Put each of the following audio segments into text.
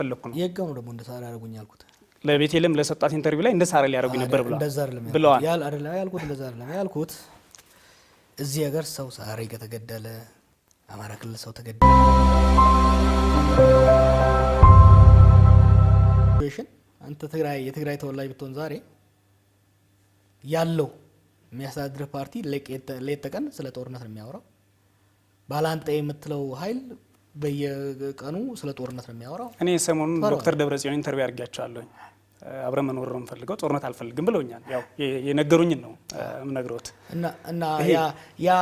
ፈለኩ ነው የጋሙ ደግሞ እንደ ሳራ ያደርጉኝ ያልኩት ለቤቴልም ለሰጣት ኢንተርቪው ላይ እንደ ሳራ ሊያደርጉኝ ነበር ብለዋል። እንደዛ አይደለም ብለዋል ያል አይደለም ያልኩት እንደዛ አይደለም ያልኩት እዚህ ሀገር ሰው ሳሬ ከተገደለ አማራ ክልል ሰው ተገደለ አንተ ትግራይ የትግራይ ተወላጅ ብትሆን ዛሬ ያለው የሚያስተዳድርህ ፓርቲ ሌት ተቀን ስለ ጦርነት ነው የሚያወራው። ባላንጣ የምትለው ኃይል በየቀኑ ስለ ጦርነት ነው የሚያወራው። እኔ ሰሞኑን ዶክተር ደብረጽዮን ኢንተርቪው አድርጊያቸዋለሁኝ። አብረ መኖር ነው የምፈልገው ጦርነት አልፈልግም ብለውኛል። ያው የነገሩኝን ነው የምነግረውት እና ያ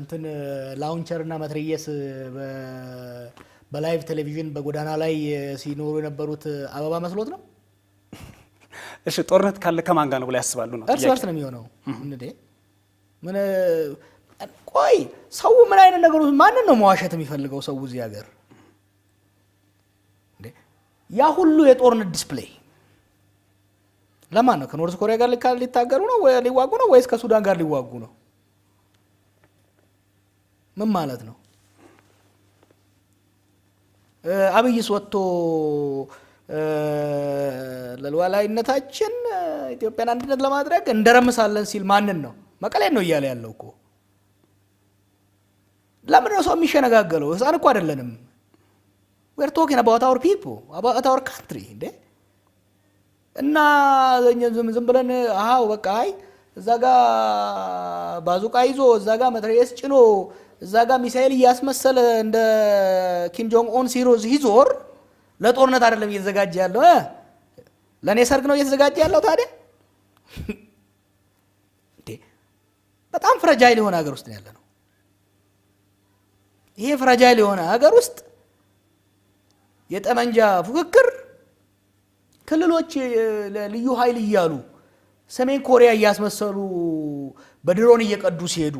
እንትን ላውንቸር እና መትረየስ በላይቭ ቴሌቪዥን በጎዳና ላይ ሲኖሩ የነበሩት አበባ መስሎት ነው። እሺ ጦርነት ካለ ከማን ጋር ነው ብላ ያስባሉ? ነው እርስ በርስ ነው የሚሆነው። ምን ቆይ ሰው ምን አይነት ነገሩ ማንን ነው መዋሸት የሚፈልገው? ሰው እዚህ ሀገር ያ ሁሉ የጦርነት ዲስፕሌይ ለማን ነው? ከኖርስ ኮሪያ ጋር ሊታገሩ ነው ሊዋጉ ነው ወይስ ከሱዳን ጋር ሊዋጉ ነው? ምን ማለት ነው? አብይስ ወጥቶ ለሉዓላዊነታችን ኢትዮጵያን አንድነት ለማድረግ እንደረምሳለን ሲል ማንን ነው? መቀሌን ነው እያለ ያለው እኮ ነው ሰው የሚሸነጋገለው? ህፃን እኮ አይደለንም። ዌር ቶኪን አባውት አወር ፒፕል አባውት አወር ካንትሪ እንዴ እና ዝም ብለን አሃው በቃ አይ እዛ ጋ ባዙቃ ይዞ እዛ ጋ መትረየስ ጭኖ እዛ ጋ ሚሳኤል እያስመሰለ እንደ ኪም ጆንግ ኦን ሲሮዝ ሂዞር ለጦርነት አይደለም እየተዘጋጀ ያለው ለእኔ ሰርግ ነው እየተዘጋጀ ያለው ታዲያ በጣም ፍረጃይል የሆነ ሀገር ውስጥ ያለ ነው ይሄ ፍራጃይል የሆነ ሀገር ውስጥ የጠመንጃ ፉክክር ክልሎች ልዩ ኃይል እያሉ ሰሜን ኮሪያ እያስመሰሉ በድሮን እየቀዱ ሲሄዱ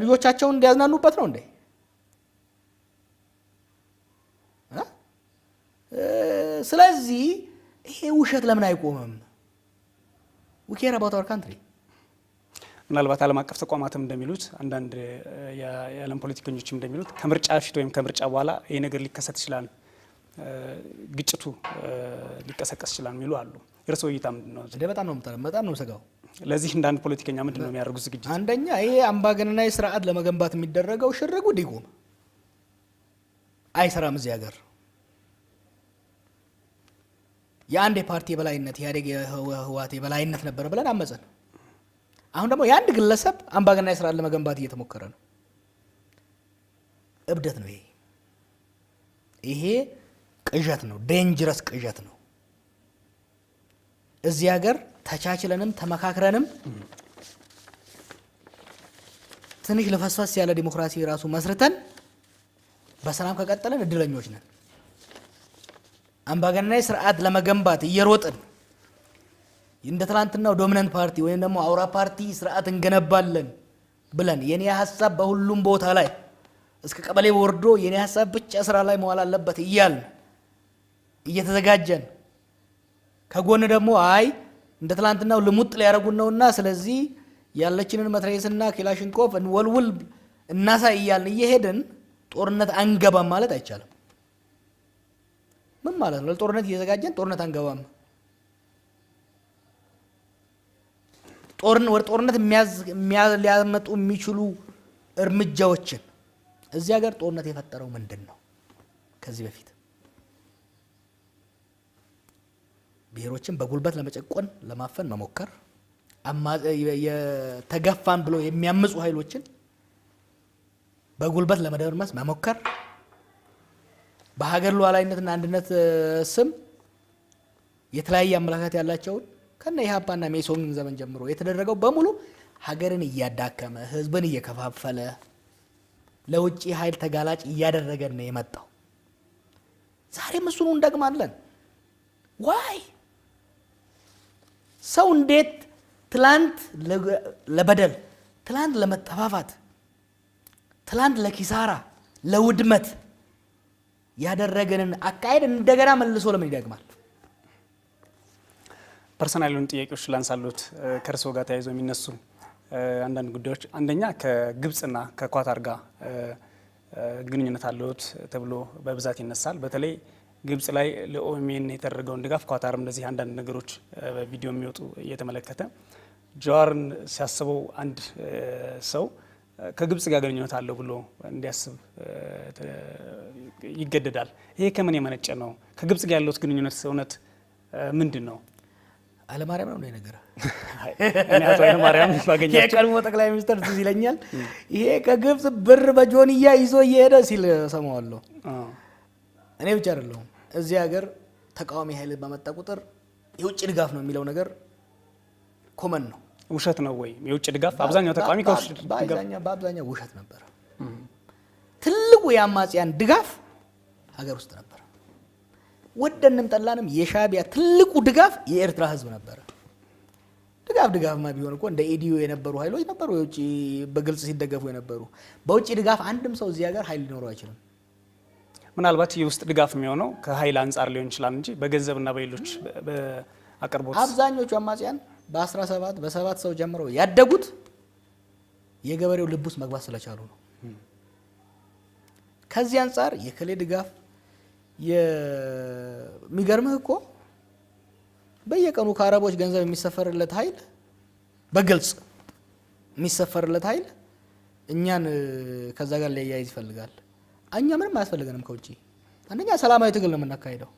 ልጆቻቸውን እንዲያዝናኑበት ነው እንዴ? ስለዚህ ይሄ ውሸት ለምን አይቆምም? ዊ ኬር አባውት አወር ካንትሪ ምናልባት ዓለም አቀፍ ተቋማትም እንደሚሉት አንዳንድ የዓለም ፖለቲከኞችም እንደሚሉት ከምርጫ ፊት ወይም ከምርጫ በኋላ ይህ ነገር ሊከሰት ይችላል፣ ግጭቱ ሊቀሰቀስ ይችላል የሚሉ አሉ። የእርስ ውይይታ ምንድን ነው? በጣም ነው በጣም ነው ሰጋው። ለዚህ እንደ አንድ ፖለቲከኛ ምንድን ነው የሚያደርጉት ዝግጅት? አንደኛ ይሄ አምባገነናዊ ስርዓት ለመገንባት የሚደረገው ሽርጉ ዲጉ ነው፣ አይሰራም እዚህ ሀገር የአንድ የፓርቲ የበላይነት ኢህአዴግ የህወሀት የበላይነት ነበር ብለን አመፀን። አሁን ደግሞ የአንድ ግለሰብ አምባገነን ስርዓት ለመገንባት እየተሞከረ ነው። እብደት ነው ይሄ። ይሄ ቅዠት ነው፣ ዴንጅረስ ቅዠት ነው። እዚህ ሀገር ተቻችለንም ተመካክረንም ትንሽ ለፈስፈስ ያለ ዲሞክራሲ ራሱ መስርተን በሰላም ከቀጠለን እድለኞች ነን። አምባገነናዊ ስርዓት ለመገንባት እየሮጥን እንደ ትላንትናው ዶሚናንት ፓርቲ ወይም ደግሞ አውራ ፓርቲ ስርዓት እንገነባለን ብለን የኔ ሀሳብ በሁሉም ቦታ ላይ እስከ ቀበሌ ወርዶ የኔ ሀሳብ ብቻ ስራ ላይ መዋል አለበት እያልን እየተዘጋጀን ከጎን ደግሞ አይ እንደ ትላንትናው ልሙጥ ሊያደርጉን ነውና ስለዚህ ያለችንን መትረየስና ኪላሽንኮቭ እንወልውል እናሳይ እያልን እየሄድን ጦርነት አንገባም ማለት አይቻልም። ምን ማለት ነው? ለጦርነት እየዘጋጀን ጦርነት አንገባም ወደ ጦርነት ሊያመጡ የሚችሉ እርምጃዎችን እዚህ ሀገር ጦርነት የፈጠረው ምንድን ነው? ከዚህ በፊት ብሔሮችን በጉልበት ለመጨቆን ለማፈን መሞከር፣ የተገፋን ብሎ የሚያምፁ ኃይሎችን በጉልበት ለመደርመስ መሞከር፣ በሀገር ሉዓላዊነትና አንድነት ስም የተለያየ አመለካከት ያላቸውን ከነ ኢህአፓና ሜሶን ዘመን ጀምሮ የተደረገው በሙሉ ሀገርን እያዳከመ ህዝብን እየከፋፈለ ለውጭ ኃይል ተጋላጭ እያደረገን ነው የመጣው። ዛሬ ምስሉ እንደግማለን። ዋይ ሰው እንዴት ትላንት ለበደል፣ ትላንት ለመጠፋፋት፣ ትላንት ለኪሳራ፣ ለውድመት ያደረገንን አካሄድ እንደገና መልሶ ለምን ይደግማል? ፐርሰናል የሆኑ ጥያቄዎች ላንሳሉት ከእርስዎ ጋር ተያይዞ የሚነሱ አንዳንድ ጉዳዮች አንደኛ ከግብፅና ከኳታር ጋር ግንኙነት አለዎት ተብሎ በብዛት ይነሳል። በተለይ ግብጽ ላይ ለኦሜን የተደረገውን ድጋፍ ኳታርም እንደዚህ አንዳንድ ነገሮች በቪዲዮ የሚወጡ እየተመለከተ ጀዋርን ሲያስበው አንድ ሰው ከግብጽ ጋር ግንኙነት አለው ብሎ እንዲያስብ ይገደዳል። ይሄ ከምን የመነጨ ነው? ከግብጽ ጋር ያለት ግንኙነት እውነት ምንድን ነው? አለማርያም ነው ነገር የቀድሞ ጠቅላይ ሚኒስትር ትዝ ይለኛል። ይሄ ከግብፅ ብር በጆንያ ይዞ እየሄደ ሲል ሰማዋለሁ። እኔ ብቻ አይደለሁም። እዚህ ሀገር ተቃዋሚ ኃይል በመጣ ቁጥር የውጭ ድጋፍ ነው የሚለው ነገር ኮመን ነው። ውሸት ነው ወይ የውጭ ድጋፍ አብዛኛው ተቃዋሚ በአብዛኛው ውሸት ነበር። ትልቁ የአማጽያን ድጋፍ ሀገር ውስጥ ነበር። ወደንም ጠላንም የሻቢያ ትልቁ ድጋፍ የኤርትራ ህዝብ ነበረ። ድጋፍ ድጋፍማ ቢሆን እኮ እንደ ኤዲዮ የነበሩ ኃይሎች ነበሩ፣ የውጭ በግልጽ ሲደገፉ የነበሩ። በውጭ ድጋፍ አንድም ሰው እዚህ ሀገር ኃይል ሊኖረው አይችልም። ምናልባት የውስጥ ድጋፍ የሚሆነው ከኃይል አንጻር ሊሆን ይችላል እንጂ በገንዘብና በሌሎች አቅርቦት። አብዛኞቹ አማጽያን በ17 በሰባት ሰው ጀምረው ያደጉት የገበሬው ልብ ውስጥ መግባት ስለቻሉ ነው። ከዚህ አንጻር የክሌ ድጋፍ የሚገርምህ እኮ በየቀኑ ከአረቦች ገንዘብ የሚሰፈርለት ኃይል በግልጽ የሚሰፈርለት ኃይል እኛን ከዛ ጋር ሊያያይዝ ይፈልጋል። እኛ ምንም አያስፈልገንም ከውጭ አንደኛ ሰላማዊ ትግል ነው የምናካሄደው።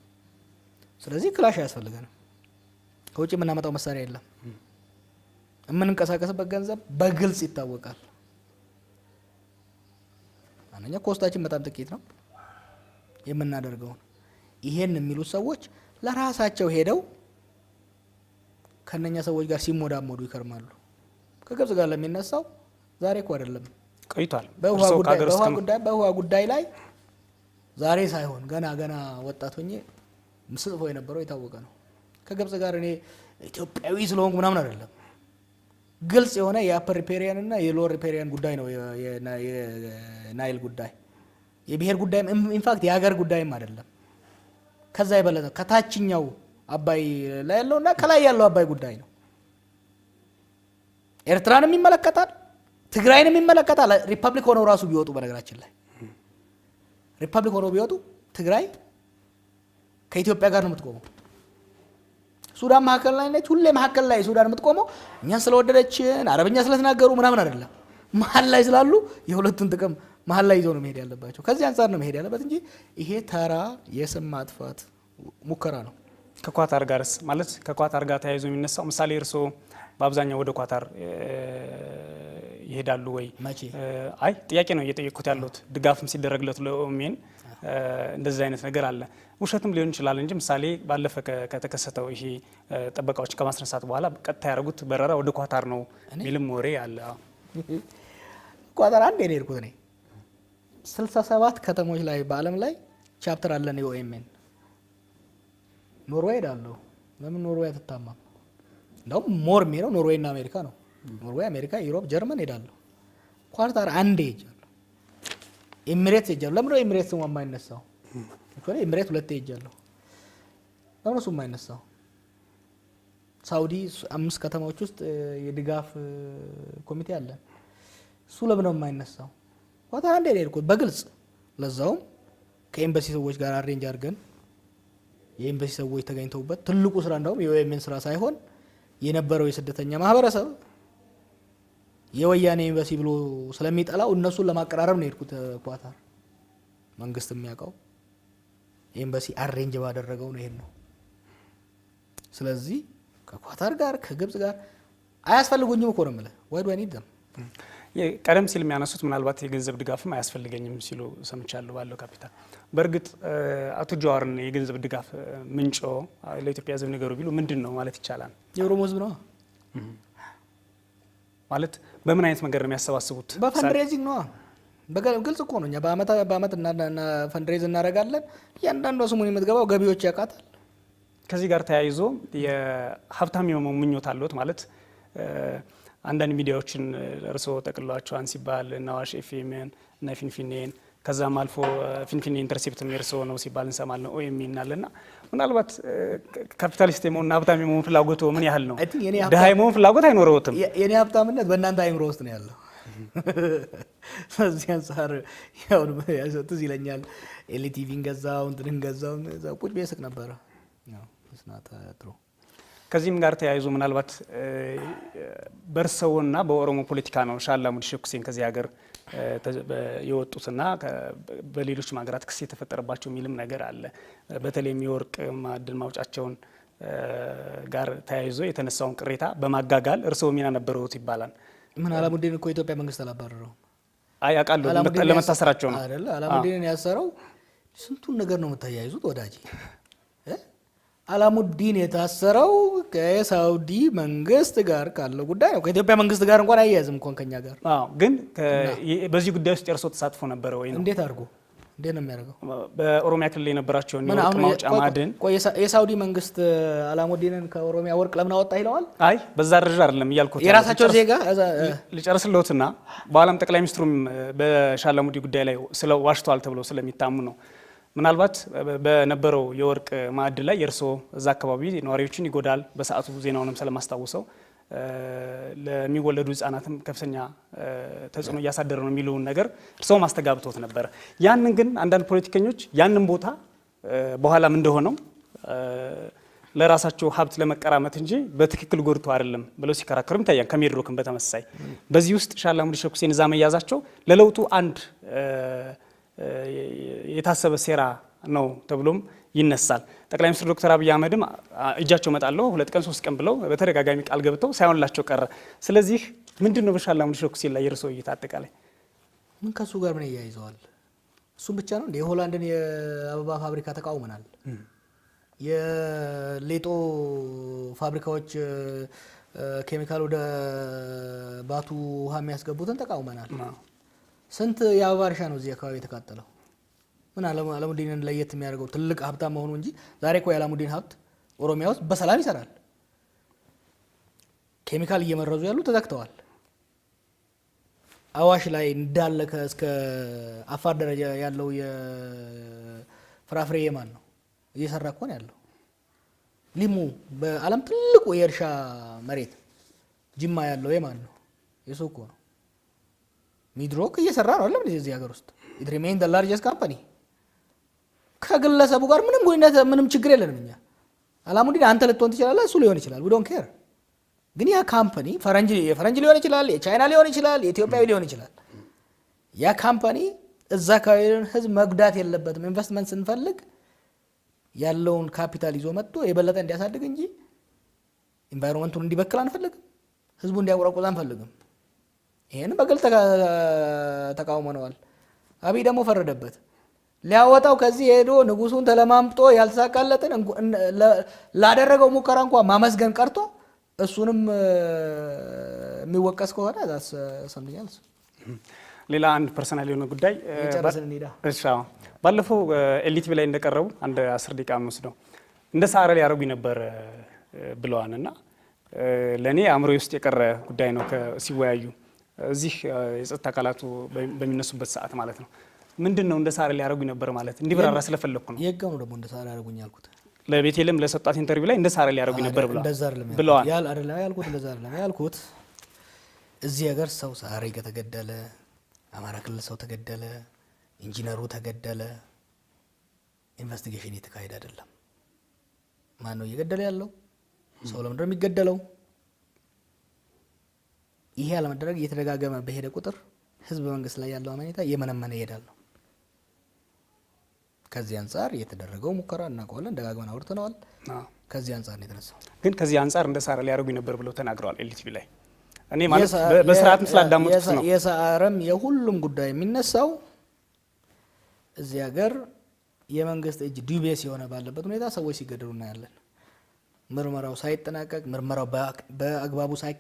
ስለዚህ ክላሽ አያስፈልገንም። ከውጭ የምናመጣው መሳሪያ የለም። የምንንቀሳቀስበት ገንዘብ በግልጽ ይታወቃል። አንደኛ ኮስታችን በጣም ጥቂት ነው። የምናደርገውን ይሄን የሚሉት ሰዎች ለራሳቸው ሄደው ከነኛ ሰዎች ጋር ሲሞዳሞዱ ይከርማሉ። ከግብጽ ጋር ለሚነሳው ዛሬ እኮ አይደለም ቆይቷል። በውሃ ጉዳይ ላይ ዛሬ ሳይሆን ገና ገና ወጣት ሆኜ ምስጽፎ የነበረው የታወቀ ነው። ከግብጽ ጋር እኔ ኢትዮጵያዊ ስለሆንኩ ምናምን አይደለም። ግልጽ የሆነ የአፐር ሪፔሪያን እና የሎር ሪፔሪያን ጉዳይ ነው የናይል ጉዳይ። የብሔር ጉዳይም ኢንፋክት የሀገር ጉዳይም አይደለም። ከዛ የበለጠ ከታችኛው አባይ ላይ ያለው እና ከላይ ያለው አባይ ጉዳይ ነው። ኤርትራንም ይመለከታል፣ ትግራይንም ይመለከታል። ሪፐብሊክ ሆነው ራሱ ቢወጡ በነገራችን ላይ ሪፐብሊክ ሆነው ቢወጡ ትግራይ ከኢትዮጵያ ጋር ነው የምትቆመው። ሱዳን መካከል ላይ ነች፣ ሁሌ መካከል ላይ ሱዳን የምትቆመው እኛን ስለወደደችን አረብኛ ስለተናገሩ ምናምን አይደለም፣ መሀል ላይ ስላሉ የሁለቱን ጥቅም መሀል ላይ ይዘው ነው መሄድ ያለባቸው። ከዚህ አንጻር ነው መሄድ ያለበት እንጂ ይሄ ተራ የስም ማጥፋት ሙከራ ነው። ከኳታር ጋርስ ማለት ከኳታር ጋር ተያይዞ የሚነሳው ምሳሌ እርስዎ በአብዛኛው ወደ ኳታር ይሄዳሉ ወይ? አይ ጥያቄ ነው እየጠየቅኩት ያለሁት። ድጋፍም ሲደረግለት ለኦሜን እንደዚህ አይነት ነገር አለ። ውሸትም ሊሆን ይችላል እንጂ ምሳሌ ባለፈ ከተከሰተው ይሄ ጠበቃዎች ከማስነሳት በኋላ ቀጥታ ያደረጉት በረራ ወደ ኳታር ነው የሚልም ወሬ አለ። ኳታር አንድ ነው የሄድኩት እኔ 67 ከተሞች ላይ በአለም ላይ ቻፕተር አለን የኦኤምኤን። ኖርዌይ ሄዳለሁ። ለምን ኖርዌይ አትታማም? እንደውም ሞር የሚለው ኖርዌይ እና አሜሪካ ነው። ኖርዌይ፣ አሜሪካ፣ ዩሮፕ፣ ጀርመን ሄዳለሁ። ኳርታር አንዴ ሄጃለሁ። ኤሚሬት ሄጃለሁ። ለምን ነው ኤሚሬት ስሙ የማይነሳው? እኮ ኤሚሬት ሁለቴ ሄጃለሁ። ለምን ነው ስሙ የማይነሳው? ሳውዲ አምስት ከተማዎች ውስጥ የድጋፍ ኮሚቴ አለ። እሱ ለምን ነው የማይነሳው? ኳታ አንድ ነው የሄድኩት በግልጽ ለዛውም ከኤምባሲ ሰዎች ጋር አሬንጅ አድርገን የኤምባሲ ሰዎች ተገኝተውበት ትልቁ ስራ እንደውም የኦኤምን ስራ ሳይሆን የነበረው የስደተኛ ማህበረሰብ የወያኔ ኤምባሲ ብሎ ስለሚጠላው እነሱን ለማቀራረብ ነው የሄድኩት ኳታር። መንግስት የሚያውቀው ኤምባሲ አሬንጅ ባደረገው ነው ይሄን ነው። ስለዚህ ከኳታር ጋር ከግብጽ ጋር አያስፈልጉኝም እኮ ነው የምልህ ዋይ ዱ አይ ኒድ ዘም ቀደም ሲል የሚያነሱት ምናልባት የገንዘብ ድጋፍም አያስፈልገኝም ሲሉ ሰምቻለሁ። ባለው ካፒታል በእርግጥ አቶ ጀዋርን የገንዘብ ድጋፍ ምንጮ ለኢትዮጵያ ሕዝብ ነገሩ ቢሉ ምንድን ነው ማለት ይቻላል? የኦሮሞ ሕዝብ ነው ማለት በምን አይነት መንገድ ነው የሚያሰባስቡት? በፈንድሬዚንግ ነዋ። ግልጽ እኮ ነው። እኛ በአመት ፈንድሬዝ እናደርጋለን። እያንዳንዷ ስሙን የምትገባው ገቢዎች ያውቃታል። ከዚህ ጋር ተያይዞ የሀብታም የመሆን ምኞት አለዎት ማለት አንዳንድ ሚዲያዎችን እርስዎ ጠቅሏቸዋን ሲባል እነ አዋሽ ኤፍኤምን እነ ፊንፊኔን ከዛም አልፎ ፊንፊኔ ኢንተርሴፕት እርስዎ ነው ሲባል እንሰማል ነው ኦኤም ይናል ና ምናልባት ካፒታሊስት የመሆንና ሀብታም የመሆን ፍላጎት ምን ያህል ነው? ድሀ የመሆን ፍላጎት አይኖረውትም። የኔ ሀብታምነት በእናንተ አይምሮ ውስጥ ነው ያለው። በዚህ አንጻር ትዝ ይለኛል ኤልቲቪን ገዛው እንትንን ገዛው ቁጭ ብዬ ስቅ ነበረ ስናትሮ ከዚህም ጋር ተያይዞ ምናልባት በእርሰውና በኦሮሞ ፖለቲካ ነው ሻላሙዲ ሸኩሴን ከዚህ ሀገር የወጡትና በሌሎች ሀገራት ክስ የተፈጠረባቸው የሚልም ነገር አለ። በተለይም የወርቅ ማዕድን ማውጫቸውን ጋር ተያይዞ የተነሳውን ቅሬታ በማጋጋል እርስዎ ሚና ነበረውት ይባላል። ምን አላሙዲን እኮ የኢትዮጵያ መንግስት አላባረረው። አይ አውቃለሁ፣ ለመታሰራቸው ነው። አላሙዲንን ያሰረው ስንቱን ነገር ነው የምታያይዙት ወዳጅ አላሙዲን የታሰረው ከሳውዲ መንግስት ጋር ካለው ጉዳይ ነው። ከኢትዮጵያ መንግስት ጋር እንኳን አያያዝም እንኳን ከኛ ጋር። ግን በዚህ ጉዳይ ውስጥ የእርሶ ተሳትፎ ነበረ ወይ? እንዴት አድርጎ እንዴት ነው የሚያደርገው? በኦሮሚያ ክልል የነበራቸውን የወርቅ ማውጫ ማዕድን የሳውዲ መንግስት አላሙዲንን ከኦሮሚያ ወርቅ ለምን አወጣ ይለዋል? አይ በዛ ደረጃ አይደለም እያልኩት የራሳቸው ዜጋ ልጨርስልዎትና በኋላም ጠቅላይ ሚኒስትሩም በሻለሙዲ ጉዳይ ላይ ስለ ዋሽተዋል ተብሎ ስለሚታሙ ነው ምናልባት በነበረው የወርቅ ማዕድ ላይ የእርስዎ እዛ አካባቢ ነዋሪዎችን ይጎዳል፣ በሰዓቱ ዜናውንም ስለማስታውሰው ለሚወለዱ ህጻናትም ከፍተኛ ተጽዕኖ እያሳደረ ነው የሚለውን ነገር እርስዎ ማስተጋብቶት ነበር። ያንን ግን አንዳንድ ፖለቲከኞች ያንን ቦታ በኋላም እንደሆነው ለራሳቸው ሀብት ለመቀራመት እንጂ በትክክል ጎድቶ አይደለም ብለው ሲከራከሩም ይታያል። ከሜድሮክም በተመሳሳይ በዚህ ውስጥ ሻላሙዲ ሸኩሴን እዛ መያዛቸው ለለውጡ አንድ የታሰበ ሴራ ነው ተብሎም ይነሳል። ጠቅላይ ሚኒስትር ዶክተር አብይ አህመድም እጃቸው እመጣለሁ ሁለት ቀን ሶስት ቀን ብለው በተደጋጋሚ ቃል ገብተው ሳይሆንላቸው ቀረ። ስለዚህ ምንድን ነው በሻላ ሙሉ ሲል ላይ የርሶ እይታ አጠቃላይ ምን ከሱ ጋር ምን እያይዘዋል? እሱም ብቻ ነው እንዴ? የሆላንድን የአበባ ፋብሪካ ተቃውመናል። የሌጦ ፋብሪካዎች ኬሚካል ወደ ባቱ ውሃ የሚያስገቡትን ተቃውመናል። ስንት የአበባ እርሻ ነው እዚህ አካባቢ የተቃጠለው? ምን አለሙዲንን ለየት የሚያደርገው ትልቅ ሀብታም መሆኑ እንጂ ዛሬ እኮ የአለሙዲን ሀብት ኦሮሚያ ውስጥ በሰላም ይሰራል። ኬሚካል እየመረዙ ያሉ ተዘግተዋል። አዋሽ ላይ እንዳለ እስከ አፋር ደረጃ ያለው የፍራፍሬ የማን ነው እየሰራ እኮ ነው ያለው። ሊሙ በአለም ትልቁ የእርሻ መሬት ጅማ ያለው የማን ነው? የሱ እኮ ነው። ሚድሮክ እየሰራ ነው አለም እዚህ ሀገር ውስጥ ኢት ሪሜን ዘ ላርጀስት ካምፓኒ። ከግለሰቡ ጋር ምንም ጉነት ምንም ችግር የለንም እኛ። አላሙዲን አንተ ልትሆን ትችላለህ፣ እሱ ሊሆን ይችላል። ዊ ዶንት ኬር። ግን ያ ካምፓኒ ፈረንጅ የፈረንጅ ሊሆን ይችላል፣ የቻይና ሊሆን ይችላል፣ የኢትዮጵያዊ ሊሆን ይችላል። ያ ካምፓኒ እዛ አካባቢ ህዝብ መጉዳት የለበትም። ኢንቨስትመንት ስንፈልግ ያለውን ካፒታል ይዞ መጥቶ የበለጠ እንዲያሳድግ እንጂ ኢንቫይሮንመንቱን እንዲበክል አንፈልግም። ህዝቡ እንዲያቆረቁዝ አንፈልግም። ይህን በግልጽ ተቃውመነዋል። አብይ ደግሞ ፈረደበት። ሊያወጣው ከዚህ ሄዶ ንጉሱን ተለማምጦ ያልተሳካለትን ላደረገው ሙከራ እንኳ ማመስገን ቀርቶ እሱንም የሚወቀስ ከሆነ ሰምኛል። ሌላ አንድ ፐርሰናል የሆነ ጉዳይ ባለፈው ኤሊቲቪ ላይ እንደቀረቡ አንድ አስር ደቂቃ ወስደው እንደ ሳረ ሊያደርጉኝ ነበር ብለዋል እና ለእኔ አእምሮ ውስጥ የቀረ ጉዳይ ነው ሲወያዩ እዚህ የጸጥታ አካላቱ በሚነሱበት ሰዓት ማለት ነው። ምንድን ነው እንደ ሳራ ሊያደርጉኝ ነበር ማለት እንዲብራራ ስለፈለግኩ ነው። የት ነው ደግሞ እንደ ሳራ ያደርጉኝ ያልኩት? ለቤቴልም ለሰጣት ኢንተርቪው ላይ እንደ ሳራ ሊያደርጉኝ ነበር ብለዋል። ያልኩት እንደዛ አይደለም ያልኩት እዚህ ሀገር ሰው ሳሬ ከተገደለ፣ አማራ ክልል ሰው ተገደለ፣ ኢንጂነሩ ተገደለ፣ ኢንቨስቲጌሽን የተካሄደ አይደለም። ማን ነው እየገደለ ያለው? ሰው ለምንድነው የሚገደለው? ይሄ አለመደረግ እየተደጋገመ በሄደ ቁጥር ህዝብ መንግስት ላይ ያለው አመኔታ እየመነመነ ይሄዳል ነው። ከዚህ አንጻር የተደረገው ሙከራ እናውቀዋለን፣ ደጋግመን አውርተነዋል። ከዚህ አንጻር ነው የተነሳው። ግን ከዚህ አንጻር እንደ ሳረ ሊያደርጉ ነበር ብለው ተናግረዋል ኤልቲቪ ላይ። እኔ ማለት በስርዓትም ስላዳመጡት ነው። የሳረም የሁሉም ጉዳይ የሚነሳው እዚህ ሀገር የመንግስት እጅ ዱቤስ የሆነ ባለበት ሁኔታ ሰዎች ሲገደሉ እናያለን። ምርመራው ሳይጠናቀቅ ምርመራው በአግባቡ ሳይ